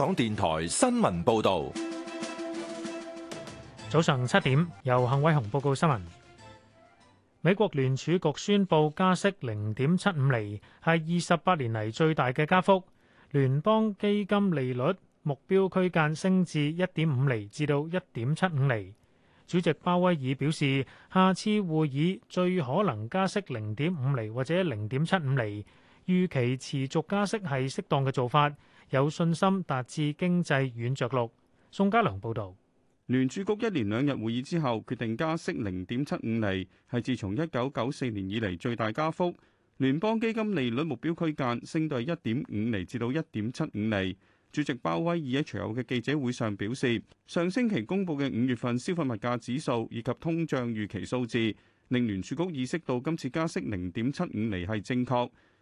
港電台新聞報道：早上七點，由幸偉雄報告新聞。美國聯儲局宣布加息零點七五厘，係二十八年嚟最大嘅加幅。聯邦基金利率目標區間升至一點五厘至到一點七五厘。主席鮑威爾表示，下次會議最可能加息零點五厘或者零點七五厘。預期持續加息係適當嘅做法。有信心達至經濟軟着陸。宋家良報導，聯儲局一連兩日會議之後決定加息零點七五厘，係自從一九九四年以嚟最大加幅。聯邦基金利率目標區間升到一點五厘至到一點七五厘。主席鮑威爾喺隨後嘅記者會上表示，上星期公佈嘅五月份消費物價指數以及通脹預期數字，令聯儲局意識到今次加息零點七五厘係正確。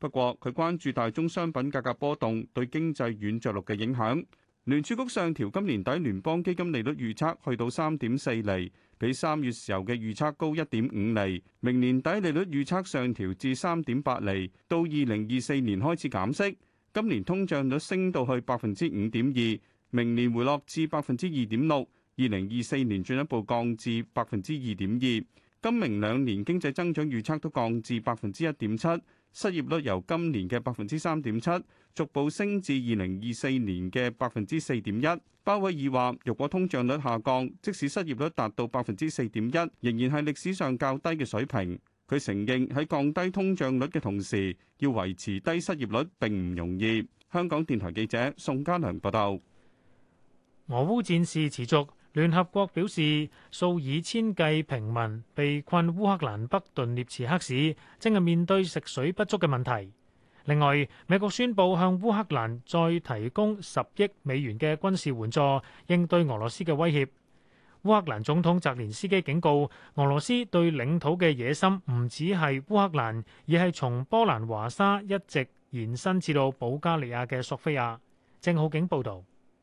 不過，佢關注大宗商品價格波動對經濟軟着陸嘅影響。聯儲局上調今年底聯邦基金利率預測去到三點四厘，比三月時候嘅預測高一點五厘。明年底利率預測上調至三點八厘，到二零二四年開始減息。今年通脹率升到去百分之五點二，明年回落至百分之二點六，二零二四年進一步降至百分之二點二。今明兩年經濟增長預測都降至百分之一點七，失業率由今年嘅百分之三點七，逐步升至二零二四年嘅百分之四點一。鮑威爾話，如果通脹率下降，即使失業率達到百分之四點一，仍然係歷史上較低嘅水平。佢承認喺降低通脹率嘅同時，要維持低失業率並唔容易。香港電台記者宋家良報道。俄烏戰事持續。聯合國表示，數以千計平民被困烏克蘭北頓涅茨克市，正係面對食水不足嘅問題。另外，美國宣布向烏克蘭再提供十億美元嘅軍事援助，應對俄羅斯嘅威脅。烏克蘭總統澤連斯基警告，俄羅斯對領土嘅野心唔止係烏克蘭，而係從波蘭華沙一直延伸至到保加利亞嘅索菲亞。鄭浩景報導。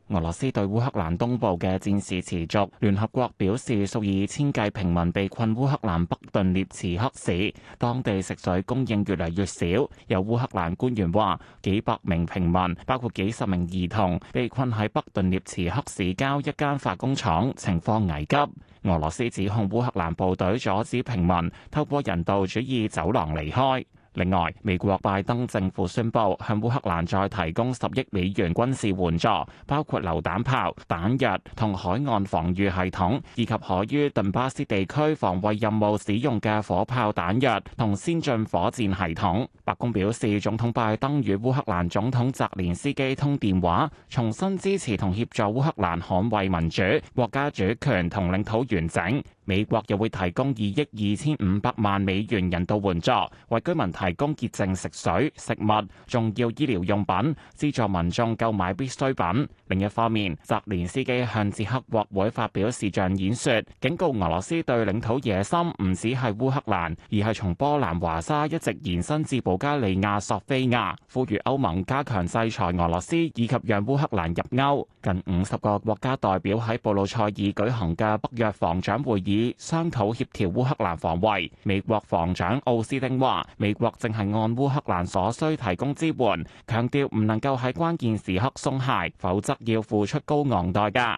俄羅斯對烏克蘭東部嘅戰事持續。聯合國表示，數以千計平民被困烏克蘭北頓涅茨克市，當地食水供應越嚟越少。有烏克蘭官員話，幾百名平民，包括幾十名兒童，被困喺北頓涅茨克市郊一間化工廠，情況危急。俄羅斯指控烏克蘭部隊阻止平民透過人道主義走廊離開。另外，美國拜登政府宣布向烏克蘭再提供十億美元軍事援助，包括榴彈炮、彈藥同海岸防御系統，以及可於頓巴斯地區防衛任務使用嘅火炮彈藥同先進火箭系統。白宮表示，總統拜登與烏克蘭總統澤連斯基通電話，重新支持同協助烏克蘭捍衛民主、國家主權同領土完整。美國又會提供二億二千五百萬美元人道援助，為居民提供潔淨食水、食物，重要醫療用品，資助民眾購買必需品。另一方面，澤連斯基向捷克國會發表視像演說，警告俄羅斯對領土野心唔止係烏克蘭，而係從波蘭華沙一直延伸至保加利亞索菲亞，呼籲歐盟加強制裁俄羅斯，以及讓烏克蘭入歐。近五十個國家代表喺布魯塞爾舉行嘅北約防長會議。以商討協調烏克蘭防衛，美國防長奧斯丁話：美國正係按烏克蘭所需提供支援，強調唔能夠喺關鍵時刻鬆懈，否則要付出高昂代價。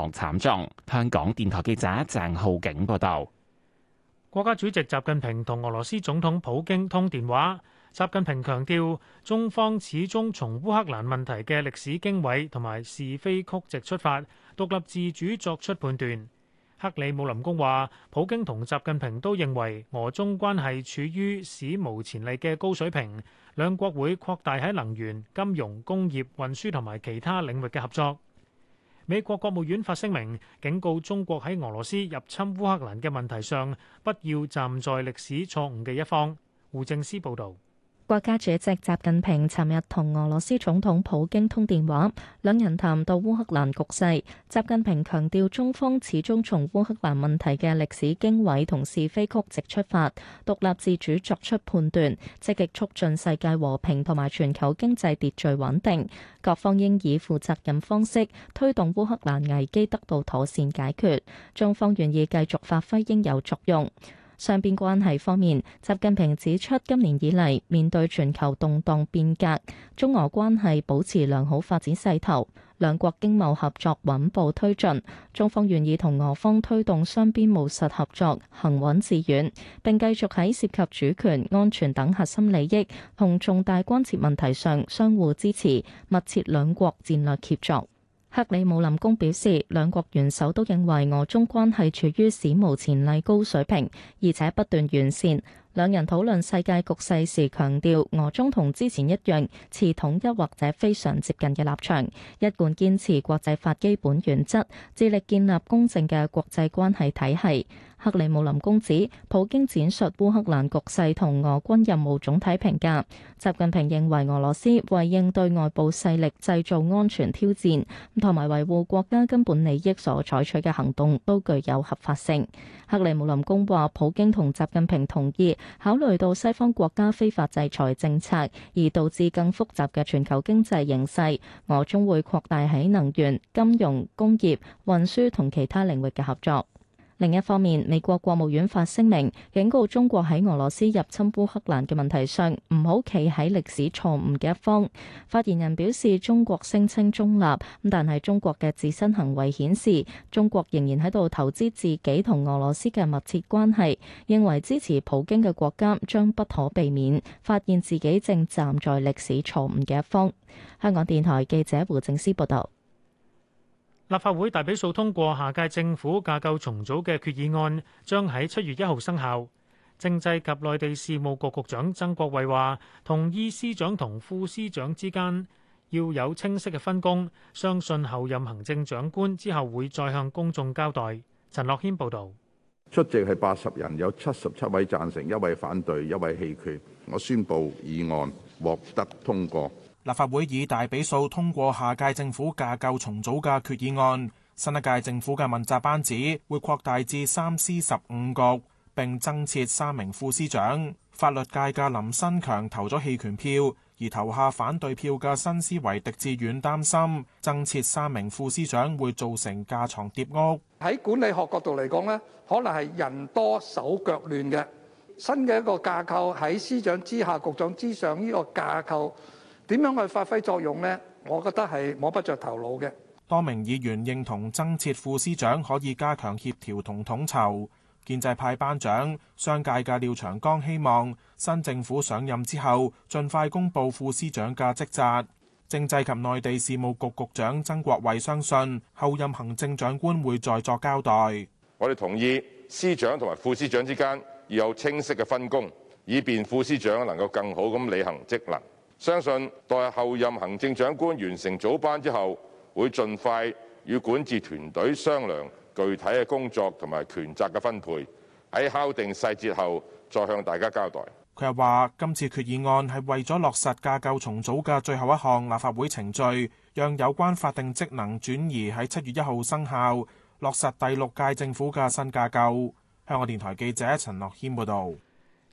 慘重！香港電台記者鄭浩景報道。國家主席習近平同俄羅斯總統普京通電話。習近平強調，中方始終從烏克蘭問題嘅歷史經緯同埋是非曲直出發，獨立自主作出判斷。克里姆林宮話，普京同習近平都認為俄中關係處於史無前例嘅高水平，兩國會擴大喺能源、金融、工業、運輸同埋其他領域嘅合作。美國國務院發聲明，警告中國喺俄羅斯入侵烏克蘭嘅問題上，不要站在歷史錯誤嘅一方。胡正思報導。國家主席習近平尋日同俄羅斯總統普京通電話，兩人談到烏克蘭局勢。習近平強調，中方始終從烏克蘭問題嘅歷史經緯同是非曲直出發，獨立自主作出判斷，積極促進世界和平同埋全球經濟秩序穩定。各方應以負責任方式推動烏克蘭危機得到妥善解決。中方願意繼續發揮應有作用。雙邊關係方面，習近平指出，今年以嚟，面對全球動蕩變革，中俄關係保持良好發展勢頭，兩國經貿合作穩步推進。中方願意同俄方推動雙邊務實合作，行穩致遠，並繼續喺涉及主權、安全等核心利益同重大關切問題上相互支持，密切兩國戰略協作。克里姆林宮表示，兩國元首都認為俄中關係處於史無前例高水平，而且不斷完善。兩人討論世界局勢時強調俄中同之前一樣持統一或者非常接近嘅立場，一貫堅持國際法基本原則，致力建立公正嘅國際關係體系。克里姆林宮指普京闡述烏克蘭局勢同俄軍任務總體評價。習近平認為俄羅斯為應對外部勢力製造安全挑戰，同埋維護國家根本利益所採取嘅行動都具有合法性。克里姆林宮話，普京同習近平同意，考慮到西方國家非法制裁政策而導致更複雜嘅全球經濟形勢，俄將會擴大喺能源、金融、工業、運輸同其他領域嘅合作。另一方面，美國國務院發聲明警告中國喺俄羅斯入侵烏克蘭嘅問題上唔好企喺歷史錯誤嘅一方。發言人表示，中國聲稱中立，但係中國嘅自身行為顯示，中國仍然喺度投資自己同俄羅斯嘅密切關係，認為支持普京嘅國家將不可避免發現自己正站在歷史錯誤嘅一方。香港電台記者胡正思報道。立法會大比數通過下屆政府架構重組嘅決議案，將喺七月一號生效。政制及內地事務局局長曾國衛話，同意司長同副司長之間要有清晰嘅分工。相信候任行政長官之後會再向公眾交代。陳樂軒報導。出席係八十人，有七十七位贊成，一位反對，一位棄權。我宣布議案獲得通過。立法會以大比數通過下屆政府架構重組嘅決議案，新一屆政府嘅問責班子會擴大至三司十五局，並增設三名副司長。法律界嘅林新強投咗棄權票，而投下反對票嘅新思維狄志遠擔心增設三名副司長會造成架床疊屋。喺管理學角度嚟講，呢可能係人多手腳亂嘅。新嘅一個架構喺司長之下、局長之上呢個架構。點樣去發揮作用呢？我覺得係摸不着頭腦嘅。多名議員認同增設副司長可以加強協調同統籌。建制派班長商界嘅廖長江希望新政府上任之後，盡快公布副司長嘅職責。政制及內地事務局局局長曾國衛相信後任行政長官會再作交代。我哋同意司長同埋副司長之間要有清晰嘅分工，以便副司長能夠更好咁履行職能。相信待候任行政長官完成組班之後，會盡快與管治團隊商量具體嘅工作同埋權責嘅分配。喺敲定細節後再向大家交代。佢又話今次決議案係為咗落實架構重組嘅最後一項立法會程序，讓有關法定職能轉移喺七月一號生效，落實第六屆政府嘅新架構。香港電台記者陳樂謙報道。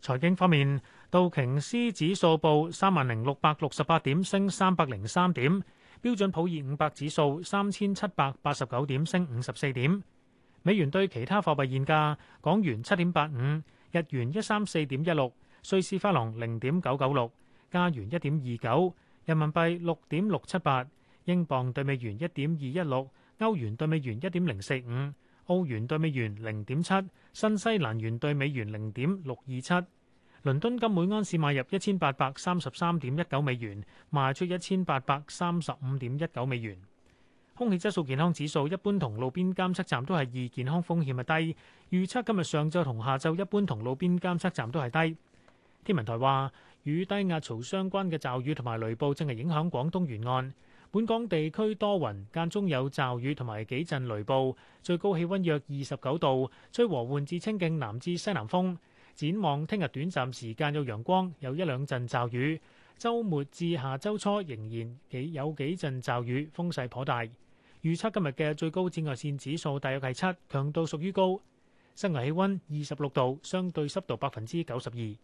財經方面。道瓊斯指數報三萬零六百六十八點，升三百零三點；標準普爾五百指數三千七百八十九點，升五十四點。美元對其他貨幣現價：港元七點八五，日元一三四點一六，瑞士法郎零點九九六，加元一點二九，人民幣六點六七八，英鎊對美元一點二一六，歐元對美元一點零四五，澳元對美元零點七，新西蘭元對美元零點六二七。倫敦金每安士買入一千八百三十三點一九美元，賣出一千八百三十五點一九美元。空氣質素健康指數一般，同路邊監測站都係二，健康風險係低。預測今日上晝同下晝一般，同路邊監測站都係低。天文台話，與低壓槽相關嘅驟雨同埋雷暴正係影響廣東沿岸，本港地區多雲，間中有驟雨同埋幾陣雷暴，最高氣温約二十九度，吹和緩至清勁南至西南風。展望聽日短暫時間有陽光，有一兩陣驟雨。周末至下周初仍然幾有幾陣驟雨，風勢頗大。預測今日嘅最高紫外線指數大約係七，強度屬於高。室外氣温二十六度，相對濕度百分之九十二。